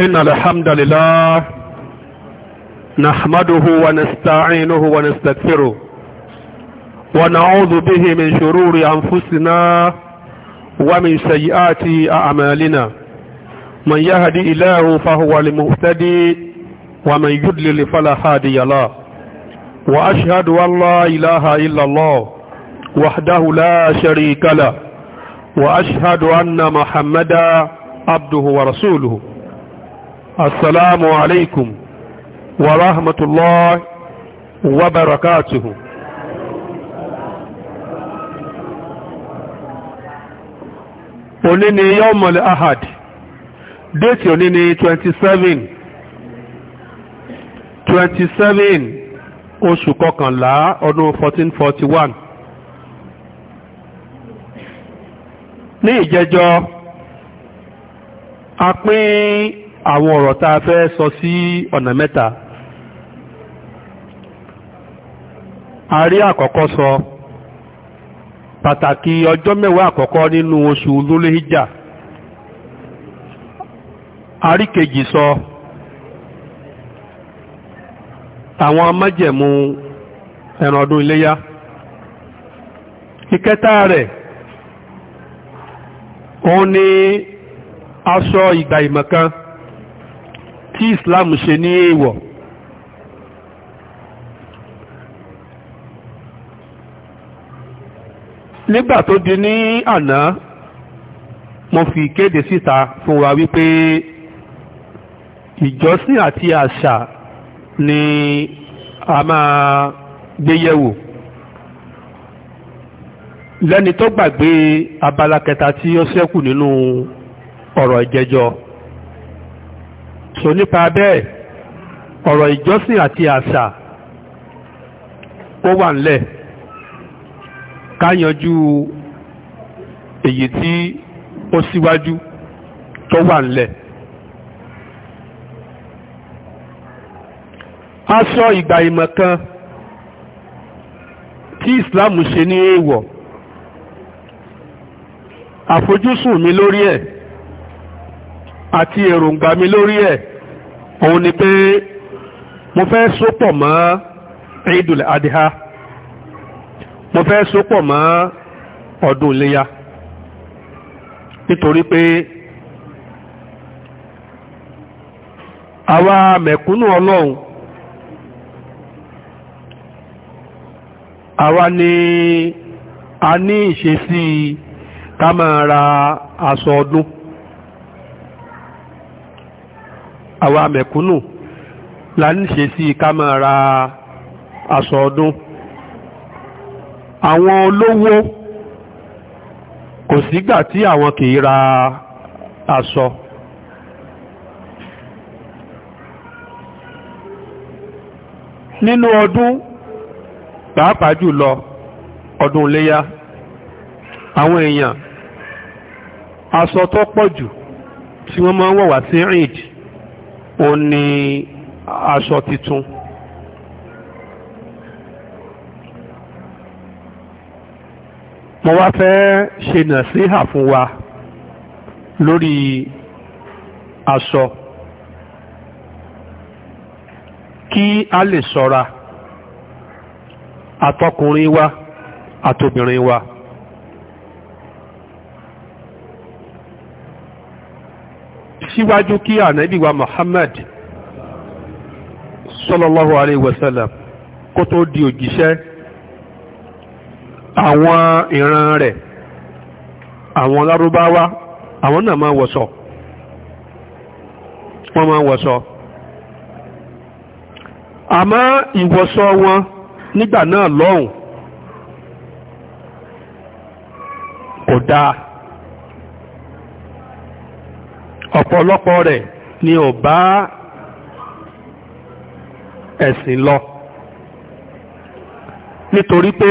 إن الحمد لله نحمده ونستعينه ونستغفره ونعوذ به من شرور أنفسنا ومن سيئات أعمالنا من يهدي إله فهو المهتدي ومن يدلل فلا هادي له وأشهد أن لا إله إلا الله وحده لا شريك له وأشهد أن محمدا عبده ورسوله السلام عليكم ورحمة الله وبركاته òní ni yọ́mọ̀lẹ̀ ahad déètì òní ni 27 27 oṣù kọkànlá ọdún 1441 ní Ìjẹjọ a pín àwọn ọ̀rọ̀ tá a fẹ́ sọ sí ọ̀nà mẹ́ta a rí àkọ́kọ́ sọ pàtàkì ọjọ́ mẹ́wàá àkọ́kọ́ nínú oṣù lólehíjà a rí kejì sọ àwọn májẹ̀mú ẹran ọdún iléyá ìkẹta rẹ̀ òun ni aṣọ ìgbà ìmọ̀kan tí Islam ṣe ní èèwọ̀ nígbà tó di ní àná mo fi kéde síta fún wa wípé ìjọsìn àti àṣà ni a máa gbéyẹ̀wò lẹ́ni tó gbàgbé abala kẹta tí ó ṣẹ́kù nínú ọ̀rọ̀ ìjẹjọ́ so nípa bẹ́ẹ̀ ọ̀rọ̀ ìjọsìn àti àṣà ó wà ńlẹ̀ ká yanjú èyí tí ó síwájú tó wà ńlẹ̀ aṣọ ìgbà ìmọ̀ kan tí Islam ṣe ní èèwọ̀ àfojúsùn mi lórí ẹ̀ àti èròǹgbà mi lórí ẹ̀ òun ni pé mo fẹ́ sopọ̀ mọ́ Eidul Adha mo fẹ́ sopọ̀ mọ́ ọdún iléyà nítorí pé àwa mẹ̀kúnnù ọlọ́run àwa ni a ní ìṣesí ká aṣọ ọdún. àwa mẹ̀kúnnù la ń ṣe sí ká máa ra aṣọ ọdún àwọn olówó kò sígbà tí àwọn kìí ra aṣọ nínú ọdún pàápàá jùlọ ọdún léyá àwọn èèyàn aṣọ tó pọ̀ jù tí wọ́n máa ń wọ̀ wá sí rìndì ó ní aṣọ titun mo wá fẹ́ ṣe nàṣíhà fún wa lórí aṣọ kí a lè ṣọ́ra àtọkùnrin wa àtobìnrin wa. síwájú kí ànábì wa Muhammad sallallahu alayhi wa sallam kó tó di òjíṣẹ́ àwọn ìran rẹ̀ àwọn lárúbáwá àwọn náà máa wọ̀ṣọ wọ́n máa wọ̀ṣọ àmọ́ ìwọ̀ṣọ wọn nígbà náà lọ́hùn kò dáa ọ̀pọ̀lọpọ̀ rẹ̀ ni ò bá ẹ̀sìn lọ nítorí pé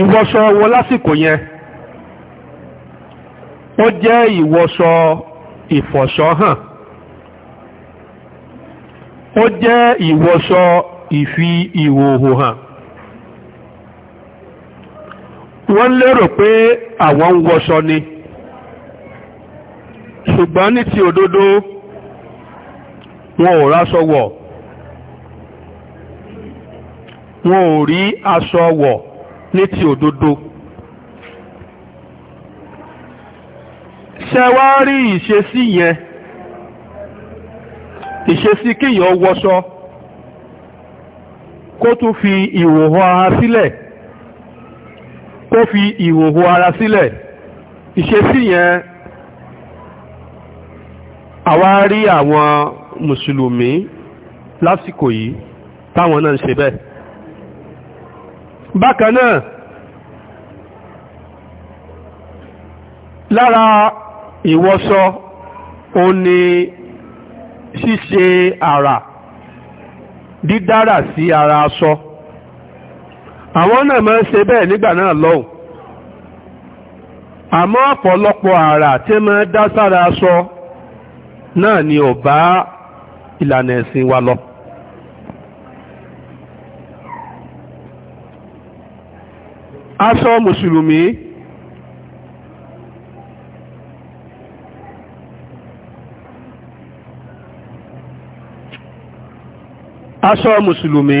ìwọṣọ wọ lásìkò yẹn ó jẹ́ ìwọṣọ ìfọ̀ṣọ hàn ó jẹ́ ìwọṣọ ìfi ìhòhò hàn wọ́n lérò pé àwọn ń wọṣọ ni ṣùgbọ́n ní ti òdodo wọn ò ráṣọ wọ̀ wọn ò rí aṣọ wọ̀ ní ti òdodo ṣe wá rí ìṣesí yẹn ìṣesí kíyàn wọṣọ kó tún fi ìwòhàn ara sílẹ̀ kó fi ìhòhò ara sílẹ̀ ìṣesí yẹn àwa rí àwọn mùsùlùmí lásìkò yìí táwọn náà ń ṣe bẹ́ẹ̀ bákan náà lára ìwọṣọ ó ní ṣíṣe àrà dídára sí ara aṣọ. So àwọn náà máa ń ṣe bẹ́ẹ̀ nígbà náà lọ́hùn àmọ́ ọ̀pọ̀lọpọ̀ àrà tí máa ń dá sára aṣọ náà ni ò bá ìlànà ẹ̀sìn wa lọ. aṣọ mùsùlùmí aṣọ mùsùlùmí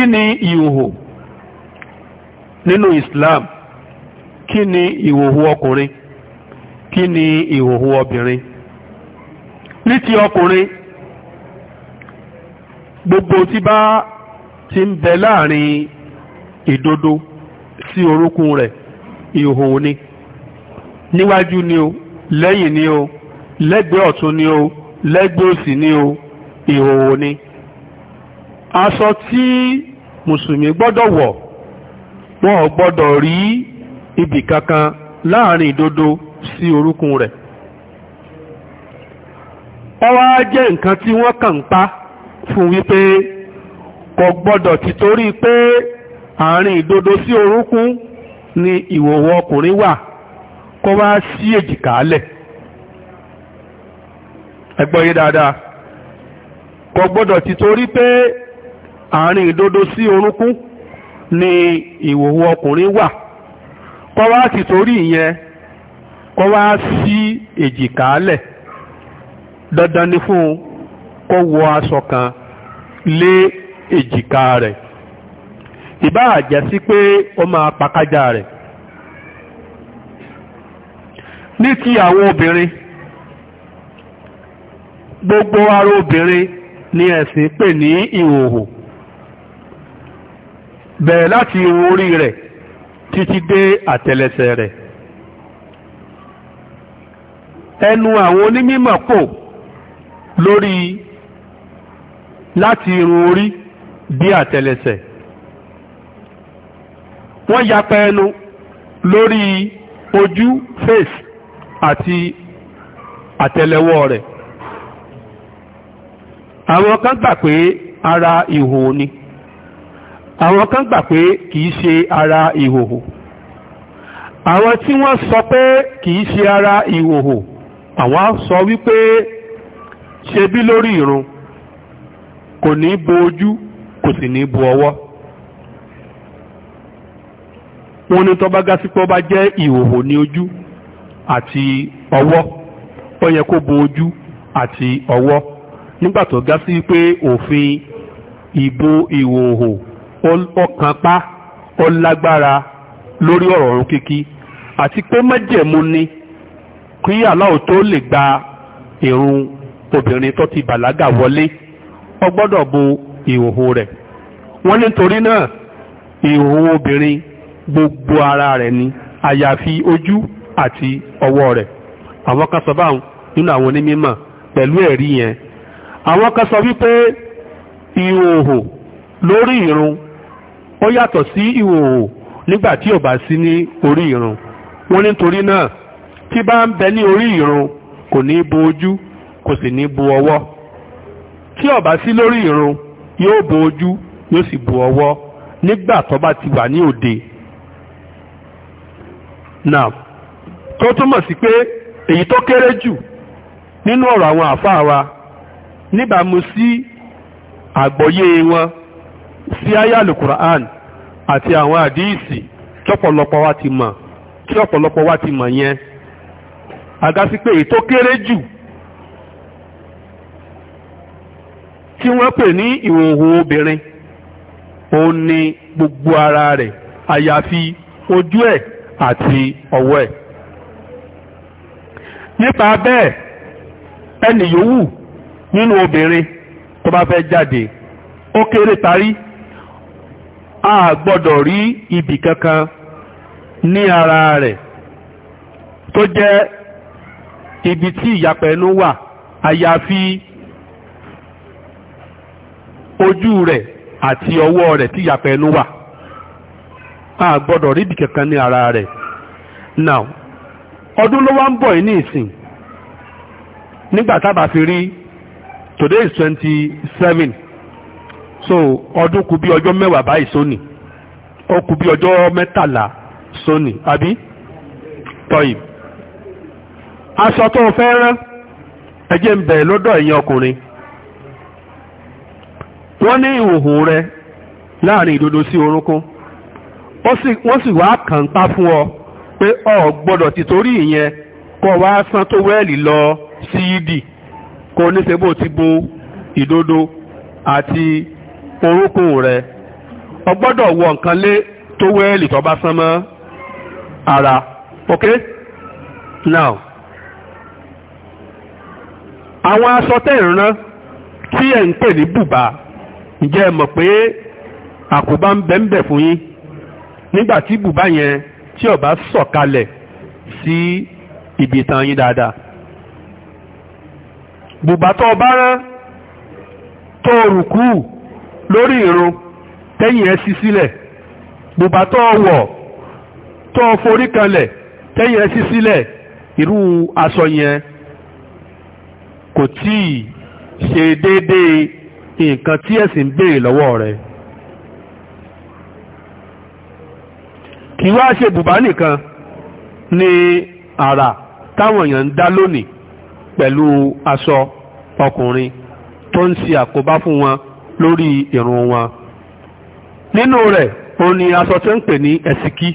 kí ni ìhòhò nínú Islam kí ni ìhòhò ọkùnrin kí ni ìhòhò obìnrin ní ti ọkùnrin gbogbo tí bá ti ń bẹ láàrin ìdodo sí orúnkún rẹ̀ ìhòhò ni níwájú ni o lẹ́yìn ni o lẹ́gbẹ́ ọ̀tún ni o lẹ́gbẹ̀ẹ́ òsì ni o ìhòhò ni aṣọ tí Musulmi gbọ́dọ̀ wọ̀ wọn ò gbọ́dọ̀ rí ibì kankan láàrin ìdodo sí orúnkún rẹ̀ ọwọ́ á jẹ́ nǹkan tí wọ́n kàn ń pa fún wípé kò gbọ́dọ̀ ti torí pé àárín ìdodo sí orúnkún ni ìwòwò ọkùnrin wà kó wá sí èjìká lẹ̀ ẹ gbọ́ yé dáadáa kò gbọ́dọ̀ ti torí pé àárín ìdodo sí orúnkún ni ìhòòhò ọkùnrin wà kọ́ wá sì torí ìyẹn kọ́ wá sí dandan ni fún kó wọ aṣọ kan lé èjìká rẹ̀ ìbáà jẹ́ sí pé ó máa pakájá rẹ̀ ní ti àwọn obìnrin gbogbo ara obìnrin ni ẹ̀sìn pè ní ìhòòhò bẹ̀rẹ̀ láti irun orí rẹ̀ títí dé àtẹlẹsẹ̀ rẹ̀ ẹnu àwọn onímọ̀ pò lórí láti irun orí dé àtẹlẹsẹ̀ wọ́n yapa ẹnu lórí ojú face àti àtẹlẹwọ́ rẹ̀ àwọn kan gbà pé ara ìhò ni àwọn kan gbà pé kìí ṣe ara ìhòhò àwọn tí wọ́n sọ pé kìí ṣe ara ìhòhò àwọn sọ wípé ṣe bí lórí ìrun kò ní bo ojú kò sì ní bo ọwọ́ wọ́n ní tó bá sí pé bá jẹ́ ìhòhò ní ojú àti ọwọ́ ó yẹ kó bo ojú àti ọwọ́ nígbà tó gá sí pé òfin ìbo ìhòhò ọkàn pa ó lágbára lórí ọ̀rọ̀ ọ̀run kíkí àti pé májẹ̀mú ni kí aláwo tó lè gba ìrun obìnrin tó ti bàlágà wọlé ọ gbọ́dọ̀ bo ìhòhò rẹ̀ wọ́n ní torí náà ìhòhò obìnrin gbogbo ara rẹ̀ ni àyàfi ojú àti ọwọ́ rẹ̀ àwọn kan sọ báwọn nínú àwọn onímọ̀ pẹ̀lú ẹ̀rí yẹn àwọn kan sọ wípé ìhòhò lórí ìrun ó yàtọ̀ sí ìhòòhò nígbà tí ò bá sí ní orí ìrun wọ́n nítorí náà tí bá ń bẹ ní orí ìrun kò ní bo ojú kò sì ní bo ọwọ́ tí ò bá sí lórí ìrun yóò bo ojú yóò sì bo ọwọ́ nígbà tó bá ti wà ní òde náà tó túmọ̀ sí pé èyí tó kéré jù nínú ọ̀rọ̀ àwọn àfáà wa níbàámu sí àgbọ́yé wọn sí àyà alukur'an àti àwọn àdíìsì tí ọ̀pọ̀lọpọ̀ wa ti mọ̀ tí ọ̀pọ̀lọpọ̀ wa ti mọ̀ yẹn àgásí pé èyí tó kéré jù tí wọ́n pè ní ìhòòhò obìnrin òun ni gbogbo ara rẹ̀ àyàfi ojú ẹ̀ àti ọwọ́ ẹ̀ nípa bẹ́ẹ̀ ẹnì yòówù nínú obìnrin tó bá fẹ́ jáde ó kéré parí a gbọ́dọ̀ rí ibì kankan ní ara rẹ̀ tó jẹ́ ibi tí ìyapẹ̀ẹ́nú wà àyàfi ojú rẹ̀ àti ọwọ́ rẹ̀ tí ìyapẹ̀ẹ́nú wà a gbọ́dọ̀ rí ibì kankan ní ara rẹ̀ now ọdún ló wá ń bọ̀ yìí ní ìsìn nígbà tá fi rí today is twenty seven so ọdún kù bí ọjọ́ mẹ́wàá báyìí sóni ó kù bí ọjọ́ mẹ́tàlá sóni àbí tọ́yì aṣọ tó fẹ́ rán ẹjẹ́ ń lọ́dọ̀ wọ́n ní ìhòhò rẹ láàrin ìdodo sí orúnkún wọ́n sì wá fún ọ pé ọ gbọ́dọ̀ ti torí ìyẹn kọ́ wá lọ bó ti bo ìdodo orúnkún rẹ o gbọ́dọ̀ wọ nǹkan lé tó wẹ́ẹ̀lì tó bá ara ok now àwọn aṣọ tẹ́ tí ẹ̀ ń pè ní bùbá ǹjẹ́ ẹ mọ̀ pé àkóbá ń bẹ ń bẹ fún yín nígbà tí bùbá yẹn tí ọba bá sọ̀kalẹ̀ sí ibi ìtàn yín dáadáa bùbá tó o bá rán tó lórí ìrun tẹ́yìn ẹ sí sílẹ̀ bùbá tó wọ̀ tó forí kanlẹ̀ tẹ́yìn ẹ sí sílẹ̀ irú aṣọ yẹn kò tí ì ṣe déédéé nǹkan tí ẹ̀sìn béèrè lọ́wọ́ rẹ̀ kì í wá ṣe bùbá nìkan ni àrà táwọn èèyàn ń dá lónìí pẹ̀lú aṣọ ọkùnrin tó ń ṣe àkóbá fún wọn lórí ìrun wa nínú rẹ̀ òun ni aṣọ tí ń pè ní ẹ̀sìkí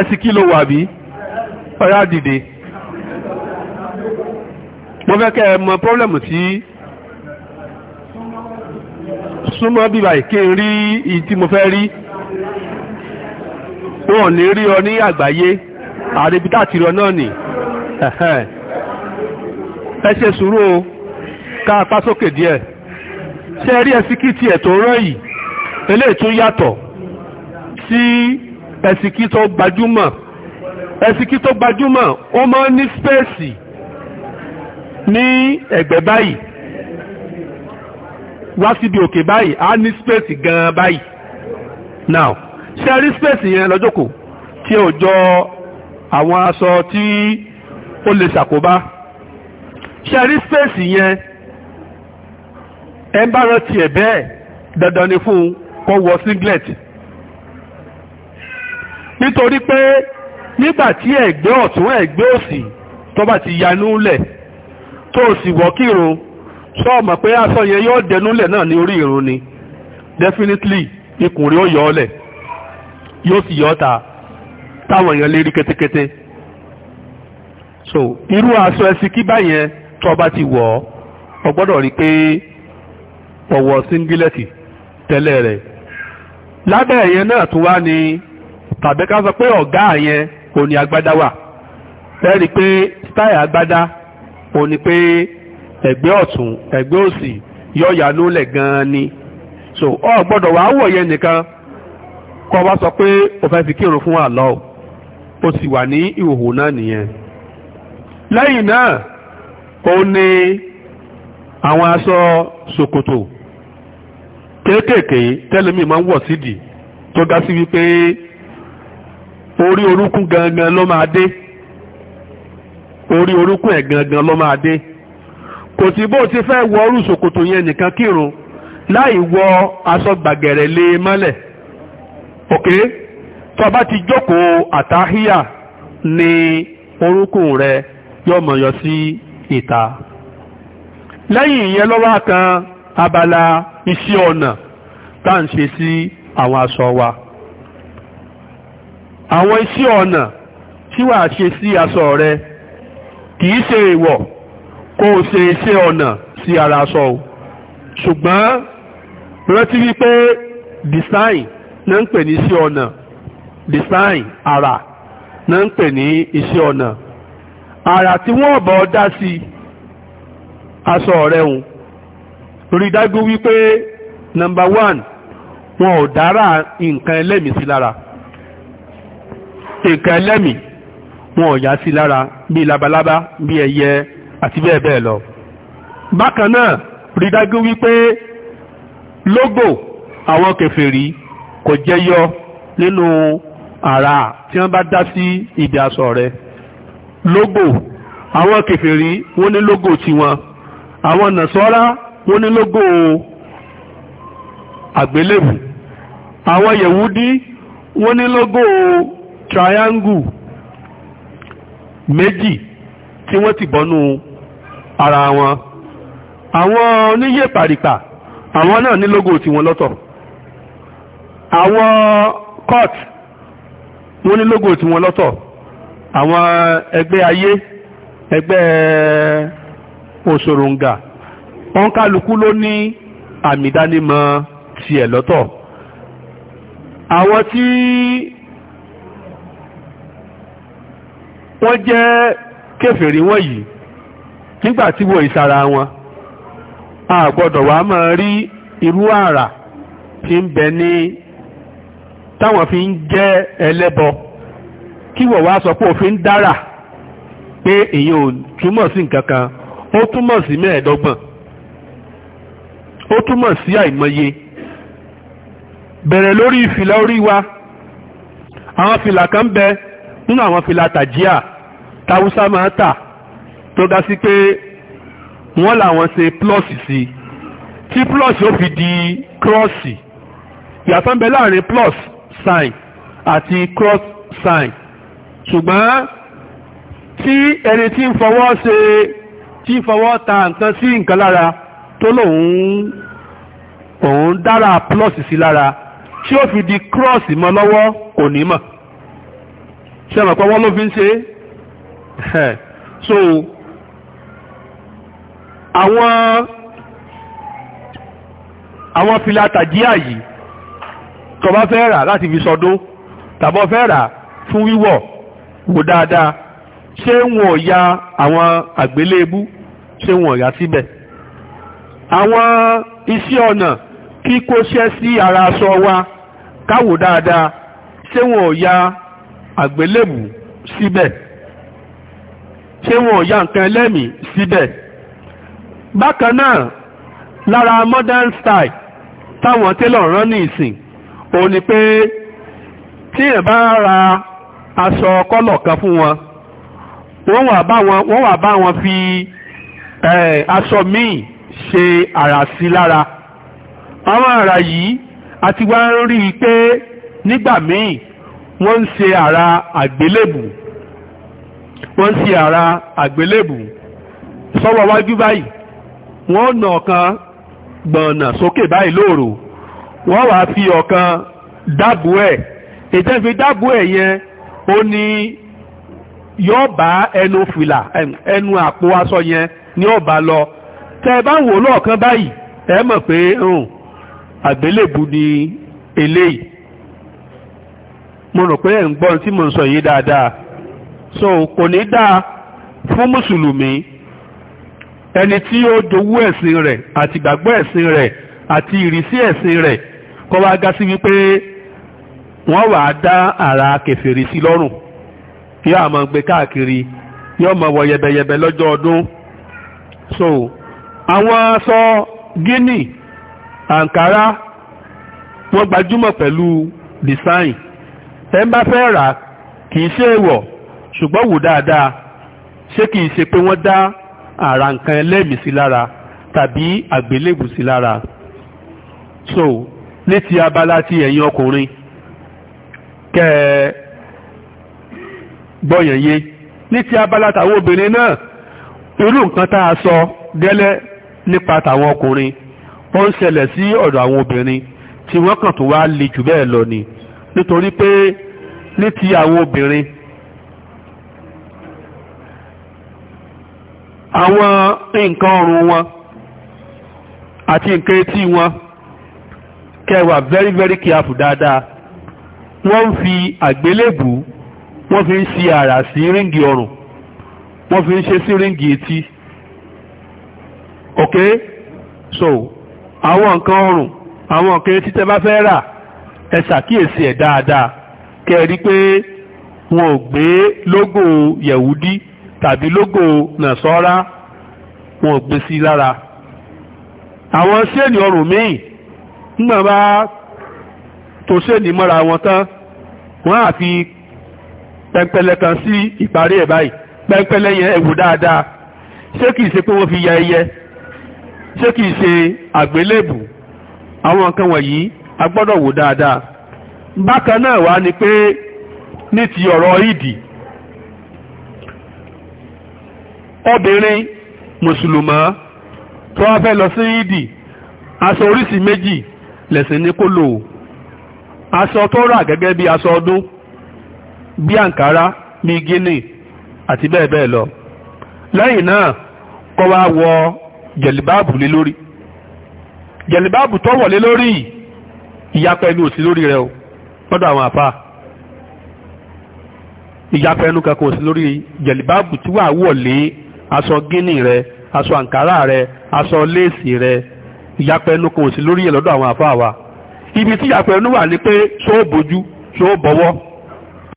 ẹ̀sìkí ló wà bí ọ̀yá dìde mo fẹ́ kẹ́ ẹ mọ pọ́blẹ́mù tí súnmọ́ bíbá ìké rí ìyí mo fẹ́ rí wọn ní rí ọ ní àgbáyé àríbítà tìrọ náà nì ẹ ṣe sùúrù o ká apá sókè díẹ̀ ṣe rí ẹsikítì ẹ̀ tó rán yìí eléyìí tún yàtọ̀ sí ẹsikí tó gbajúmọ̀ ẹsikí tó gbajúmọ̀ ó máa ń ní spéèsì ní ẹ̀gbẹ́ báyìí wá síbi òkè báyìí á ní spéèsì gan-an báyìí now ṣe rí spéèsì yẹn lọ́jọ́kò tí ò jọ àwọn aṣọ tí ó lè ṣàkóbá ṣẹ́rí spéèsì yẹn ẹ bá rántí ẹ̀ bẹ́ẹ̀ dandan ni fún un kó wọ singlet nítorí pé nígbà tí ẹ̀gbẹ́ ọ̀tún ẹ̀gbẹ́ òsì tó bá ti yanú lẹ̀ tó sì wọ́ kírun sọ mọ̀ pé aṣọ yẹn yóò dẹnúlẹ̀ náà ní orí irun ni definitely ikùn rí ó yọ ọ́lẹ̀ yóò sì yọ ta táwọn èèyàn lè rí kétékété so irú aṣọ ẹsì kí báyẹn tó bá ti wọ̀ ọ́ o gbọ́dọ̀ rí i pé ọ̀wọ̀ síngílẹ̀tì tẹ́lẹ̀ rẹ̀ lábẹ́ yẹn náà tún wá ní tàbí ká sọ pé ọ̀gá yẹn ò ní agbádá wà ẹ rí i pé sítáì agbádá ò ní pé ẹ̀gbẹ́ ọ̀tún ẹ̀gbẹ́ òsì yọ̀ọ̀yà lólẹ̀ gan-an ni so ọ gbọ́dọ̀ wàá wọ̀ yẹn nìkan kọ́ wá sọ pé o fẹ́ fi kírun fún àlọ́ o sì wà ní ìhòòhò náà nìyẹn lẹ́yìn náà ó ní àwọn aṣọ ṣòkòtò kéékèèké tẹ́lẹ̀mí máa ń wọ̀ sídìí tó ga sí wípé orí gangan ló máa dé orí gangan ló máa dé kò sí bó ti fẹ́ wọ orú ṣòkòtò yẹn nìkan kírun láì wọ aṣọ gbàgẹ̀rẹ̀ lé e mọ́lẹ̀ ti jókòó yọ sí ìta lẹ́yìn ìyẹn lọ́wọ́ kan abala iṣẹ́ ọnà tá à ń ṣe sí àwọn aṣọ wa àwọn iṣẹ́ ọnà tí wàá ṣe sí aṣọ rẹ kì í ṣe èèwọ̀ kó ṣe iṣẹ́ ọnà sí ara aṣọ o ṣùgbọ́n rántí wípé design ní ń pè ní iṣẹ́ ọnà design ara ní ń pè ní iṣẹ́ ọnà àrà tí wọ́n bọ̀ dá sí aṣọ ọ̀rẹ́ hun rí dájú wípé nọmba one wọn ò dára nǹkan ẹlẹ́mìí sí lára nǹkan ẹlẹ́mìí wọn ò yá sí lára bí labalábá bí ẹyẹ àti bẹ́ẹ̀ bẹ́ẹ̀ lọ bákan náà rí dájú wípé lógò àwọn kèfèrí kò jẹyọ nínú àrà tí wọ́n bá dá sí ibi aṣọ rẹ̀ Logo, àwọn kèfèrí wọ́n ní lógò tiwọn àwọn nàṣọ́rá wọ́n ní logo àgbélébù àwọn yẹ̀wúdí wọ́n ní logo triangle méjì tí wọ́n ti bọ́nú ara wọn àwọn oníyè pàrìpà àwọn náà ní lógò tiwọn lọ́tọ̀ àwọn court wọ́n ní lógò tiwọn lọ́tọ̀ àwọn ẹgbẹ́ ayé ẹgbẹ́ òṣòròǹgà wọn kálukú ló ní àmì ìdánimọ̀ tiẹ̀ lọ́tọ̀ àwọn tí wọ́n jẹ́ kèfèrí wọ́n yìí nígbàtí wọ́n ìsara wọn a gbọ́dọ̀ wá máa rí irú àrà tí ń bẹ ní táwọn fi ń jẹ́ ẹlẹ́bọ kí wọ́n wá sọ pé òfin dára pé èyí ò túmọ̀ sí nǹkan kan ó túmọ̀ sí mẹ́ẹ̀ẹ́dọ́gbọ̀n ó túmọ̀ sí àìmọye bẹ̀rẹ̀ lórí ìfìlà orí wa àwọn fìlà kan bẹ nínú àwọn fìlà tàjíà táwùsá máa tà tó ga sí pé wọ́n làwọn ṣe plọ́ọ̀sì sí tí plọ́ọ̀sì ó fi di kírọ́ọ̀sì ìyàtọ̀ ń bẹ láàrin plus sign àti cross sign ṣùgbọ́n tí ẹni tí ń fọwọ́ ṣe tí ń fọwọ́ ta nǹkan sí nǹkan lára tó lòun òun dára plọ́ọ̀sì sí lára tí ó fi di kírọ́ọ̀sì mọ́ lọ́wọ́ kò ní mọ̀ ṣe mọ̀ pé wọ́n ló fi ń ṣe so àwọn àwọn fìlà yìí tó fẹ́ rà láti fi sọdún tàbọ̀ fẹ́ rà fún wíwọ̀ wò dáadáa ṣé wọn ò ya àwọn àgbélébú ṣé wọn ò yà síbẹ̀ àwọn iṣẹ́ ọ̀nà kíkóṣẹ́ sí ara aṣọ wa káwò dáadáa ṣé wọn ò ya àgbélébù síbẹ̀ ṣé wọn ò ya nǹkan ẹlẹ́mìí síbẹ̀ bákan náà lára modern style táwọn télọ̀ rán ní ìsìn òun ni pé tí èèyàn bá ra aṣọ kọ́lọ̀ kan fún wọn wọ́n wà bá wọn wọ́n wà bá wọn fi aṣọ míì ṣe àrà sí lára àwọn àrà yìí àti wá rí i pé nígbà míì wọ́n ń ṣe àrà àgbélébù wọ́n ń ṣe àrà àgbélébù sọ́wọ́ wájú báyìí wọ́n nà ọ̀kan gbọ̀nà sókè báyìí lóòrò wọ́n wàá fi ọ̀kan dábùú ẹ̀ ètò dábùú ẹ̀ yẹn ó ní yóò ẹnu fìlà ẹnu àpò aṣọ yẹn ọba lọ tẹ bá wò lọ́ọ̀kan báyìí ẹ mọ̀ pé àgbélébù ni eléyìí mo rò pé ẹ̀ ń gbọ́n tí mo ń sọ yìí dáadáa so kò ní dáa fún mùsùlùmí ẹni tí ó dowó ẹ̀sìn rẹ̀ àti ìgbàgbọ́ ẹ̀sìn rẹ̀ àti ìrísí ẹ̀sìn rẹ̀ kọ́ wá wọ́n wàá dá àrà kẹfìrì sí lọ́rùn kí a máa gbé káàkiri yóò máa wọ yẹbẹyẹbẹ lọ́jọ́ ọdún so àwọn aṣọ Guinea Ankara wọ́n gbajúmọ̀ pẹ̀lú design ẹ bá fẹ́ rà kìí ṣe èèwọ̀ ṣùgbọ́n wò dáadáa ṣé kìí ṣe pé wọ́n dá àrà nǹkan ẹlẹ́mìí lára tàbí àgbélébù lára so ní ti abala ti ẹ̀yin ọkùnrin kẹ́ ẹ gbọ́yàn yé ní ti abala tàwọn obìnrin náà irú nǹkan tá a sọ gẹ́lẹ́ nípa tàwọn ọkùnrin ó ń ṣẹlẹ̀ sí ọ̀dọ̀ àwọn obìnrin tí wọ́n kàn tó wá le jù bẹ́ẹ̀ lọ ni nítorí pé ní ti àwọn obìnrin àwọn nǹkan ọrùn wọn àti nǹkan etí wọn kẹ́ very very careful dáadáa wọ́n ń fi àgbélébù wọ́n fi ń ṣe àrà sí ríǹgì ọrùn wọ́n fi ń ṣe sí ríǹgì etí ok so àwọn nǹkan ọrùn àwọn nǹkan etí tẹ́ bá fẹ́ rà ẹ ṣàkíyèsí ẹ̀ dáadáa kẹ́ ẹ rí pé wọn ò gbé lógò yẹ̀wúdí tàbí lógò nàṣọ́rá wọn ò gbé sí lára àwọn séènì ọrùn míì nígbà bá tó ṣèdí mọ́ra wọn tán wọ́n á fi pẹ́ńpẹ́lẹ́ kan sí ìparí ẹ̀ báyìí pẹ́ńpẹ́lẹ́ yẹn ẹ̀wù dáadáa ṣé kìí ṣe pé wọ́n fi ya ẹyẹ ṣé kìí ṣe àgbélébù àwọn nǹkan wọ̀nyí a gbọ́dọ̀ wò dáadáa bákan náà wá ni pé ní ti ọ̀rọ̀ ìdì obìnrin mùsùlùmọ́ tó wá fẹ́ lọ sí ìdì aṣọ oríṣi méjì lẹ̀sìn ní kó lò ó aṣọ tó rà gẹ́gẹ́ bí aṣọ ọdún bí àǹkárá bí gíní àti bẹ́ẹ̀ bẹ́ẹ̀ lọ lẹ́yìn náà kó wá wọ jẹ̀lìbáàbù lé lórí jẹ̀lìbáàbù tó wọ̀ lé lórí ìyapa ẹnu òsì lórí rẹ̀ o lọ́dọ̀ àwọn àfáà ìyapa ẹnu kankan òsì lórí jẹ̀lìbáàbù tí wàá wọ̀ lé aṣọ gíní rẹ aṣọ àǹkárá rẹ aṣọ léèsì rẹ ìyapa ẹnu kan òsì lórí ẹ̀ lọ́dọ̀ àwọn àfáà wa ibi tí àpẹẹrẹ wà ní pé ṣó bójú ṣó bọ́wọ́.